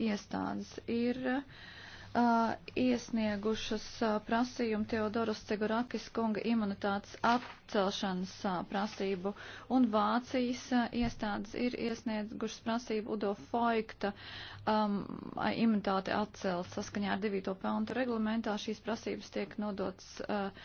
iestādes ir uh, iesniegušas uh, prasījumu Teodoros Cegurakis kunga imunitātes atcelšanas uh, prasību, un Vācijas uh, iestādes ir iesniegušas prasību Udo Foikta um, imunitāti atcelt saskaņā ar 9. pantu reglamentā. Šīs prasības tiek nodotas uh,